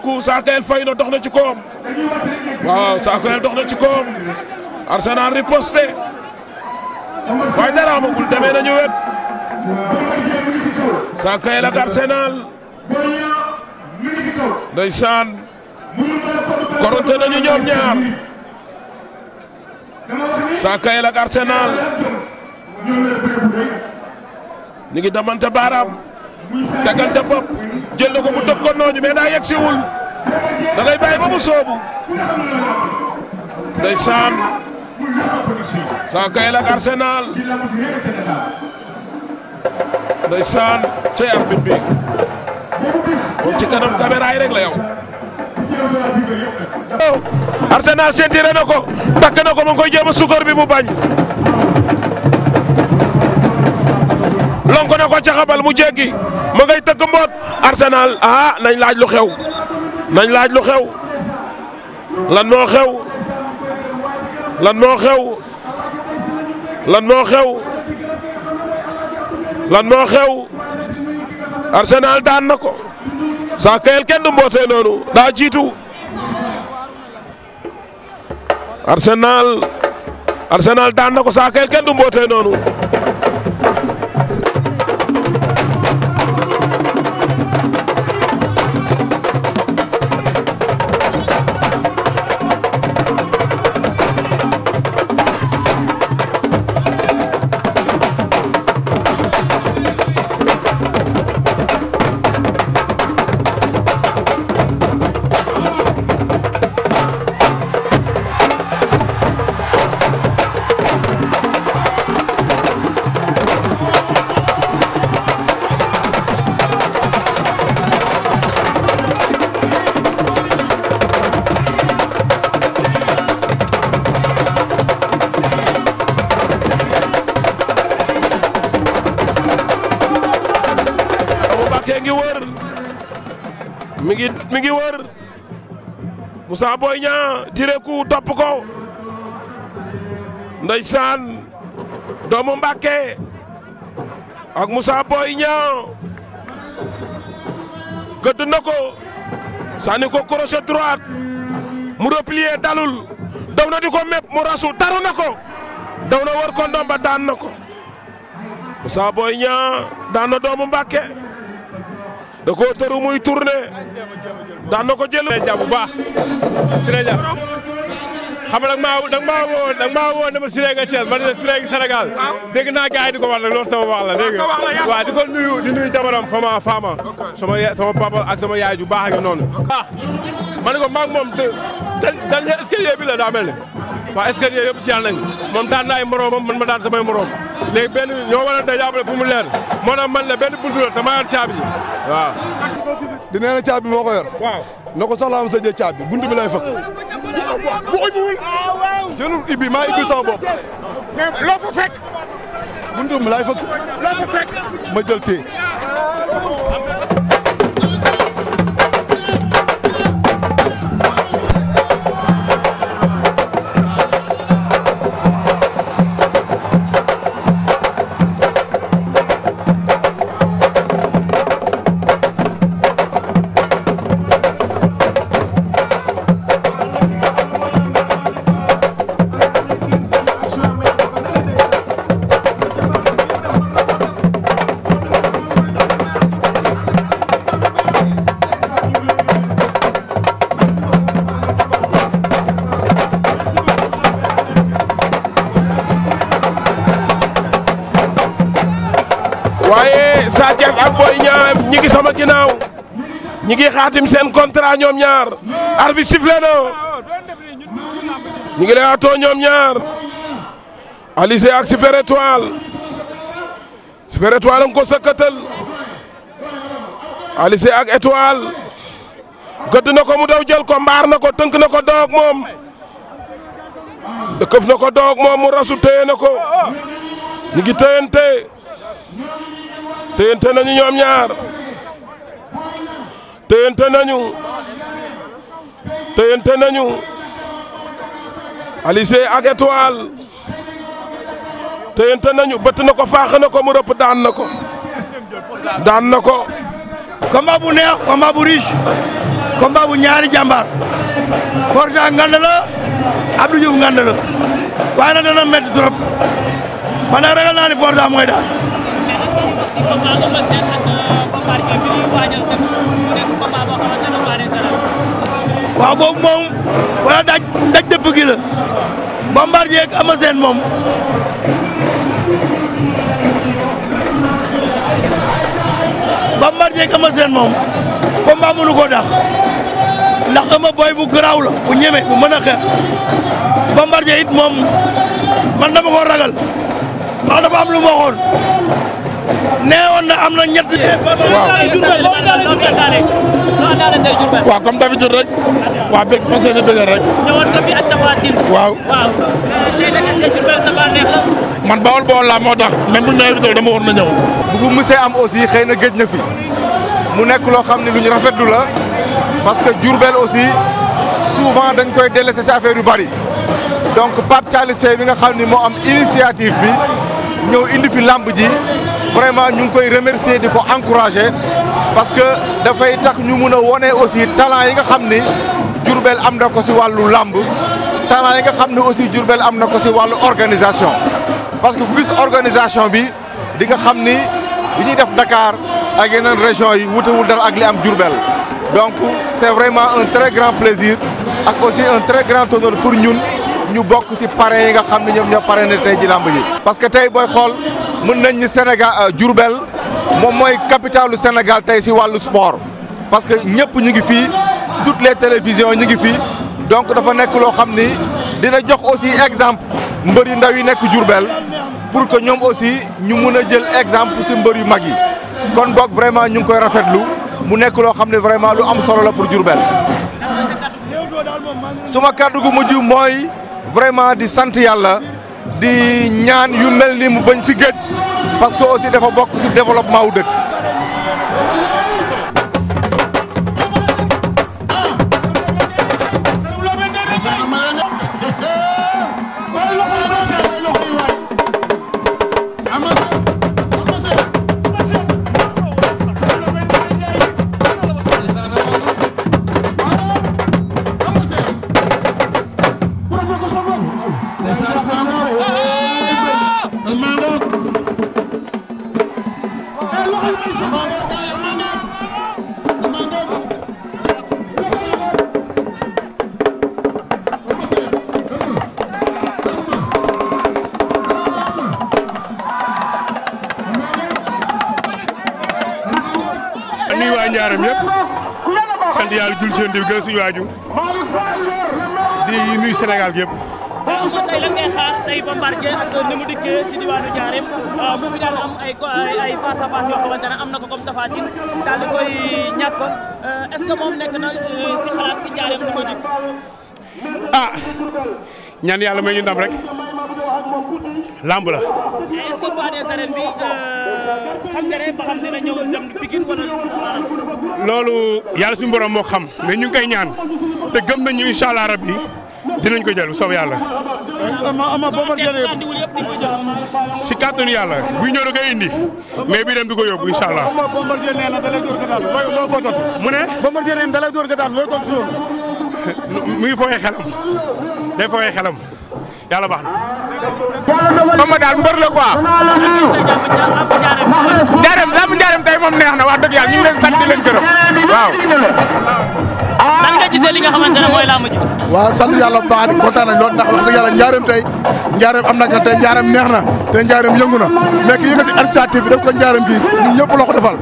ku Sakayel fay na dox na ci koom waaw Sakayel dox na ci koom Arsenal riposté waaye dara amagul demee nañu wet Sakayel ak Arsenal ndeysaan koronte nañu ñoom ñaar Sakayel ak Arsenal ñu ngi damante baaraam. taggante bopp jël na ko mu tëgg ko nooñu mais daa yegg si wul da ngay bàyyi ba mu soobu ndeysaan Sakayel ak Arsenal ndeysaan cay arbitre bi moom ci kanam caméra yi rek la yow. Arsenal sentiré ko takk ko mu ngi koy jéem bi mu bañ. lonk na ko caxabal mu jéggi. ma ngay tëgg mboot Arsenal ah nañ laaj lu xew nañ laaj lu xew lan moo xew lan moo xew lan moo xew lan moo xew Arsenal daan na ko saa kayel kenn du mbootee noonu daa jiitu Arsenal Arsenal daan na ko saa kayel kenn du mbootee noonu ngi mi ngi wër Moussa Boy Niang tiré ku topp ko ndeysaan doomu Mbàkke ak Moussa Boy Niang gëdd na ko sànni ko crochet droite mu replier dalul daw rasu taru na ko daw na wër ko ndomba daan na ko Moussa Boy Niang daan na doomu Mbàkke da koo tëru muy tourné daan na ko jël. Sénégal bu baax Sénégal xam nga maa da woo da maa woo ne ma Siré nga Thiès ma ne la Siré Sénégal naa gars di ko wax nag loolu sama wax la dégg nga waaw di ko nuyu di nuyu jabaram fama fama sama sama papa ak sama yaay ju baax ak noonu. ah ma ne ko maa moom te dañ escalier bi la daa waa ne waaw escalier yëpp jeex nañ moom daan man ma daan samay moroom léegi benn ñoo war a leer moo tax man la benn buntu la te waaw. di nee na caabi moo ko yor. waaw na ko soxla am sa jë caabi buntu bi fëkk. bu ubbiwul. jëlul ibbi maa ibbi sama bopp. loo fa fekk. buntu fëkk. loo fa fekk. ma Sa Thiès ak Boy Niang ñi ngi sama ginnaaw ñi ngi xaatim seen contrat ñoom ñaar arbitre sifflé na ñi ngi lay atoo ñoom ñaar Alizé ak Super Étoile Super Étoile nga ko sëkkatal ak Étoile gëdd na ko mu daw jël ko mbaar na ko tënk na ko doog moom dëkkëf na ko doog moom mu rasu téye na ko ñi ngi téyante téyante nañu ñoom ñaar téyante nañu téyante nañu Alioune Seye nañu bëtt na ko faax na ko mu rëpp daan ko daan na ko combat bu neex combat bu riche combat bu ñaari jàmbaar Forza ngand la Abdou Diouf ngand dana métti trop man nag ragal naa ni Forza di combat Eumeu Sène ak Bombardier euh, bi moom wala daj daj dëpp gi la moom. Bombardier ak Eumeu Sène moom combat mënu ko dàq ndax Eumeu bu garaaw la bu ñeme bu mën a xeex Bombardier it moom man dama ragal ndax dafa lu ma neewoon na am na ñetti. waaw waaw comme d'habitude waaw man bawol bawol laa moo tax même bu may invité dama waroon na ñëw. bu ko musee am aussi xëy na géej na fi mu nekk loo xam ne lu ñu rafetlu la parce que Diourbel aussi souvent dañ koy délaissé si affaire yu bari donc Pape Thialy bi nga xam ni moo am initiative bi ñëw indi fi lamb ji. vraiment ñu ngi koy remercier di ko encourager parce que dafay tax ñu mun a wone aussi talent yi nga xam ni Diourbel am na ko si wàllu làmb talent yi nga xam ne aussi Diourbel am na ko si wàllu organisation parce que plus organisation bi di nga xam ni li ñuy def Dakar ak yeneen région yi wutewul dara ak li am Diourbel donc c'est vraiment un très grand plaisir ak aussi un très grand honneur pour ñun ñu bokk si parrain yi nga xam ne ñoom ñoo parrainé tey ji làmb ji mën nañ ni Sénégal euh, Diourbel moom mooy capitalu Sénégal tey si wàllu sport parce que ñëpp ñu ngi fii toutes les télévisions ñu ngi fii donc dafa nekk loo xam ni dina jox aussi exemple mbër yu ndaw yi nekk Diourbel pour que ñoom aussi ñu mun a jël exemple si mbër yu mag yi kon boog vraiment ñu ngi koy rafetlu mu nekk loo xam ne vraiment lu am solo la pour Diourbel suma kàddu gu mujj mooy vraiment di sant yàlla di ñaan yu mel ni mu bañ fi géej parce que aussi dafa bokk si développement wu dëkk leen di gën Sénégal gi yëpp. tey lan ngay xaar tey Bombardier ak ni mu dikkee si diwaanu Ndiarème euh, mu fi daan am ay ay yoo xamante ne am na ko comme Tapha Tine daal di koy ñàkkoon euh, est moom nekk na euh, si xalaat si Ndiarème lu ko jik ah ñaan yàlla may ñu ndam rek lamb la. est-ce bi. xam loolu yàlla suñu borom moo xam mais ñu ngi koy ñaan te gëm nañu incha allah rabbi dinañ ko jël bu soob yàlla. ama ama bombardier si kàttanu yàlla buy ñëw da koy indi mais bi dem di ko yóbbu incha allah. bombardier nee na dalay door ga loo ko mu ne. bombardier nee na dalay door ga daan looy tontu loolu. mu ngi fooyee xelam day yàlla baax na. Bamba daal mbër la quoi. Njaareem làmb Njaareem tey moom neex na wax dëgg yàlla ñu ngi leen sant di leen gërëm waaw. nan nga gisee li nga xamante ne mooy làmb ji. waaw sant yàlla bu baax di kontaan nañ loolu ndax wax dëgg yàlla Njaareem tey Njaareem am na ca tey Njaareem neex na te Njaareem na mais ki yëkkati initiative bi rek ko Njaareem gi ñun ñëpp la ko defal.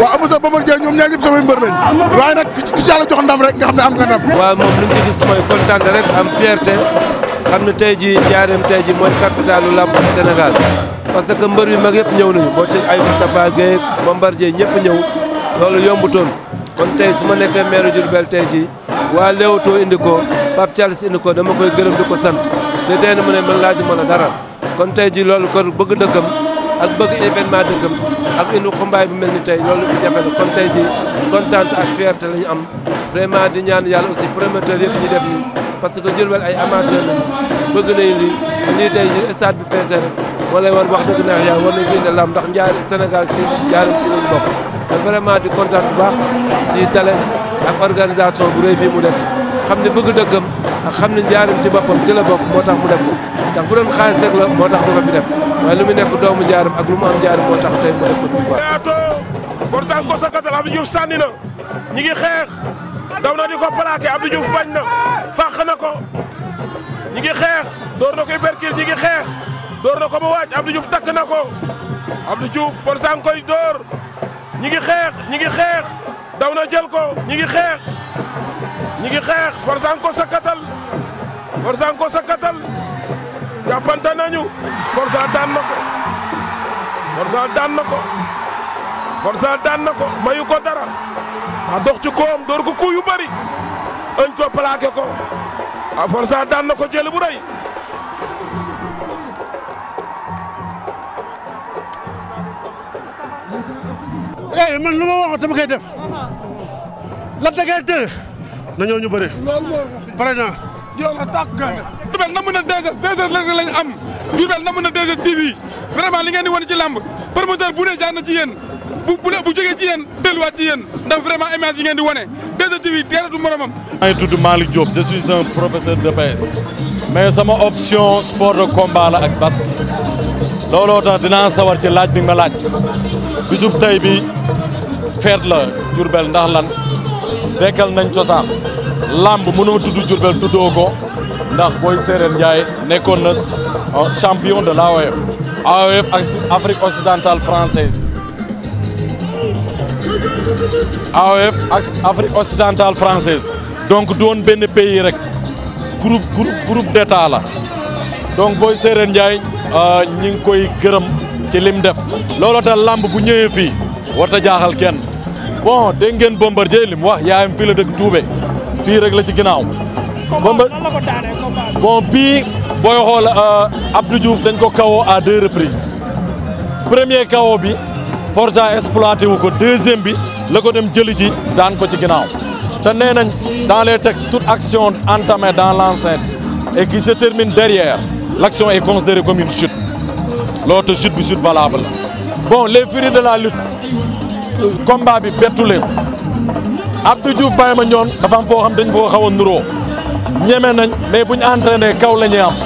waaw Abou Seye Bombardier ñoom ñaar ñëpp mbër lañ waaye nag ki ci yàlla jox ndam rek nga xam ne am nga ndam. waaw moom li ñu ci gis mooy kontaan xam ne tey jii njaareem tey jii mooy capitalu làmb Sénégal parce que mbër yu mag yëpp ñëw nañu boo ci ay Moustapha Guèye Bombardier ñëpp ñëw loolu yombutoon kon tey su ma nekkee maire Diourbel tey jii waa Leewtoo indi ko Pape Thialis indi ko dama koy gërëm di ko sant te tey na mën ne man laajuma la dara kon tey jii loolu kon bëgg dëkkam ak bëgg événement dëkkam ak indi xumbaay bu mel ni tey loolu fi jafe kon tey jii kontaan ak fierté la ñu am vraiment di ñaan yàlla aussi promoteur yëpp ñu parce que Diourbel ay amateur la bëgg nañ lii lii tey ñu stade bi feesee rek moo lay wan wax dëgg neex yaa war nañ fi ne lam ndax njaari Sénégal ci jaarum bokk te vraiment di kontaan baax ci Thalès ak organisation bu rëy bii mu def xam ne bëgg dëggëm ak xam ne njaarim ci boppam ci la moo tax mu def ko ndax bu moo tax ko fi def waaye lu mu nekk doomu njaarim ak lu mu am njaarim moo tax tey mu def ko. waaw. Forza Ngosaka Dalabi Diouf sànni na ñi ngi xeex. daw na di ko plaqué Abdou Diouf bañ na fàq na ko ñi ngi xeex door na ko Iberkil ñi ngi xeex door na ko mu wàcc Abdou Diouf takk na ko Abdou Diouf forsa nga koy door ñi ngi xeex ñi ngi xeex daw na jël ko ñi ngi xeex ñi ngi xeex forsa nga ko sakkatal forsa nga ko sakkatal jàppante nañu forsa daan na daan na ko forsa daan na ko mayu ko dara daa dox ci koom door ko ku yu bëri ëñ ko plaqué ko a forsa daan na ko jël bu rëy eh lu ma waxoon dama koy def la dagay dëgg na ñoo ñu bëri pare naa yow la tàkk gaynde na mën a 2S 2S la lañ am na mën a 2S TV vraiment li ngeen di wan ci làmb promoteur bu ne jaar na ci yéen bu bu bu jógee ci yéen delluwaat ci yéen ndax vraiment image yi ngeen di wane 2STV dara du moromam. maa ngi tudd Malick Diop je suis un professeur de PS mais sama option sport de combat la ak basket looloo tax dinaa sawar ci laaj bi nga ma laaj bisub tey bi feet la Jurbel ndax lan dekkal nañ cosaan lamb mënoo tudd Jurbel tuddoo ko ndax booy séeréer Ndiaye nekkoon na oh, champion de l'AOF AOF ak Afrique occidentale française AOF ak Afrique occidentale française donc doon benn pays rek groupe groupe groupe d'état la donc booy Séeréer Ndiaye euh, ñi ngi koy gërëm ci lim def looloo tax làmb bu ñëwee fii warta jaaxal kenn bon dégg ngeen Bombardier li mu wax yaayam fii la dëkk Toubé fii rek la ci ginnaaw. bombar bon bii booy xool euh, Abdou Diouf dañ ko kawoo à deux reprises premier kawoo bi. Forza exploité wu ko deuxième bi la ko dem jëli ji daan ko ci ginnaaw te nee nañ dans les textes toute action entamée dans l'enceinte et qui se termine derrière l'action est considérée comme une chute loolu te chute bi chute valable bon les furies de la lutte combat bi bettu leen Abdou Diouf ma Mandione dafa am foo xam dañ koo xaw a nuroo ñeme nañ mais bu ñu entraîné kaw lañuy am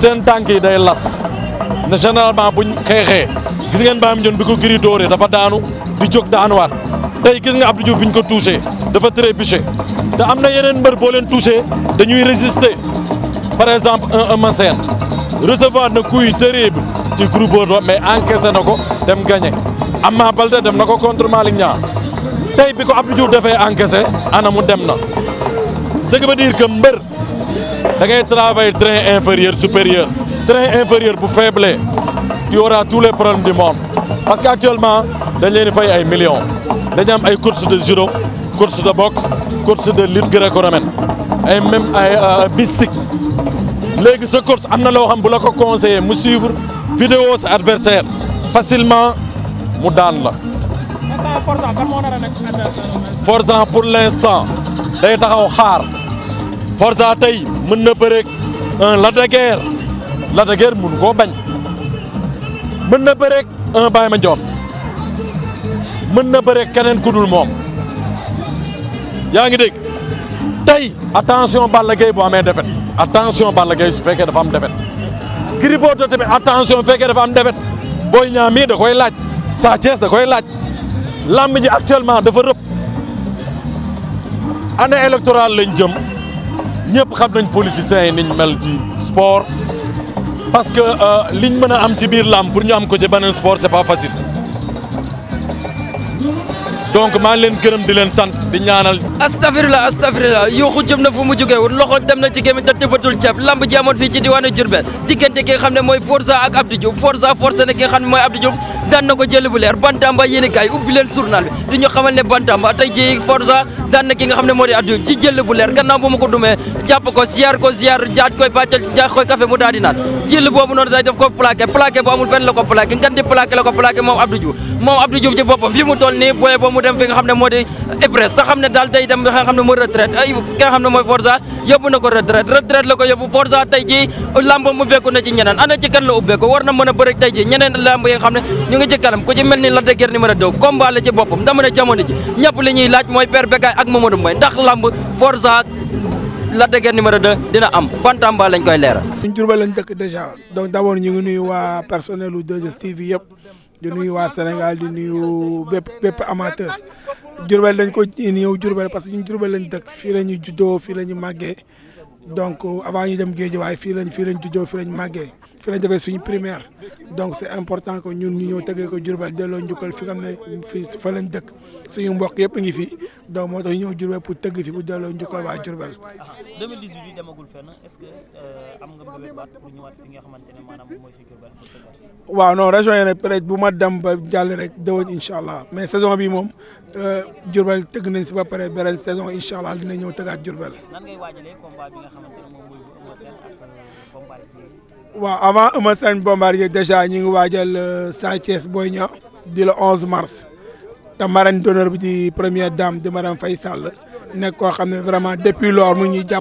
seen tànk yi day las ne généralement buñ xeexee gis ngeen Baye Mandione bi ko giri dóoree dafa daanu di jóg daanuwaat tey gis nga Abdou Diouf bi ñu ko touché dafa trébuché te am na yeneen mbër boo leen dañuy résister par exemple un Eumeu recevoir na kuy terrible ci groupe do mais encaissé na ko dem am Ama Baldé dem na ko contre Malick ñaa tey bi ko Abdou Diouf dafay encaissé ana mu dem na ce qui veut dire que mbër da ngay travailler train inférieur supérieur train inférieur bu faible. tu auras tous les problèmes du monde parce que actuellement dañ leen di fay ay million dañ am ay course de judo course de boxe course de lutte gréco-romaine ay même ay mystique euh, euh, léegi sa course am na loo xam bu la ko conseiller mu suivre vidéo sa adversaire facilement mu daan la Forza pour l'instant day taxaw xaar Forza tey mën na bëreeg la Lac de Guiers Lac de Guiers mun koo bañ mën na bëreeg un Baye Mandione mën na bëreeg keneen ku dul moom yaa ngi dégg tey attention Balla Gaye bu amee defet attention Balla Gaye su fekkee dafa am defet Gris Bordeaux tamit attention bu fekkee dafa am defet Boy Niang mii da koy laaj Sa da koy laaj làmb ji actuellement dafa rëb année électorale lañ jëm ñëpp xam nañ politiciens yi niñ mel ci sport parce que euh, liñ mën a am ci biir làmb pour ñu am ko ci beneen sport c'est pas facile maa ngi leen gërëm di leen sant di ñaanal. astafirlah astafirlah yuuxu jëm na fu mu jógee woon loxo dem na ci gémmiñ te tëbatul ceeb lamb ji amoon fii ci di diwaanu Diourbel diggante ki nga xam ne mooy Forza ak Abdou Diouf Forza forcé na ki nga xam ne mooy Abdou Diouf daan na ko jëli bu leer Bantamba yéen i kaay ubbi leen journal bi di ñu xamal ne Bantamba tey jii Forza. daan na ki xam ne moo di Abdou ci jël bu leer gannaaw bu ma ko dumee ko ziar ko ziar jaaj koy bàccal jaaj koy café mu daal di boobu noonu day def ko plaqué plaqué bu amul fenn la ko ngan di plaqué la ko moom Abdou moom Abdou Diouf ci boppam mu toll nii booye boobu mu dem fi xam ne moo di IPRES te xam ne daal day dem nga xam ne mooy retraite ay xam ne mooy Forza yóbbu na ko retraite retraite yóbbu Forza tey jii lamb mu bekku ak Mamadou Mbaye ndax lamb Forza la dëgg numéro 2 dina am bantamba lañ koy leeral. ñun Diourbel lañ dëkk déjà donc d'abord ñu ngi nuyu waa personnel lu 2STV yëpp di nuyu waa Sénégal di nuyu bépp bépp amateur Diourbel lañ ko ñëw Diourbel parce que ñun Diourbel lañ dëkk fii la ñu juddoo fii la ñu màggee donc avant ñu dem géej waaye fii lañ fii lañ juddoo fii la ñu màggee. fi lañ defee suñu primaire donc c' est important que ñun ñu ñëw tegee ko Diourbel delloo njukkal fi nga xam ne fi fa lañ dëkk suñu mbokk yëpp ngi fi donc moo tax ñu ñëw Diourbel pour tëgg fi bu delloo njukkal waa Diourbel. 2018 bi demagul fenn est-ce que euh, am nga mbébét baat pour ñëwaat fi nga xamante ne maanaam mooy si Diourbel. waaw non région yi nag peut bu ma dem ba jàll rek dëwoon incha allah mais saison bi moom euh, Diourbel tëgg nañ si ba pare beneen saison incha allah dina ñëw tëggaat Diourbel. nan ngay waajalee combat bi nga xamante ne moom mooy Eumeu waaw avant Eumeu Sène Bombardier déjà ñu ngi waajal euh, Sa Thiès Boy Niang di le onze mars te marraine d'honneur bi di premier dame di Marème Faye Sall nekk koo xam ne vraiment depuis lors mu ñuy jàpp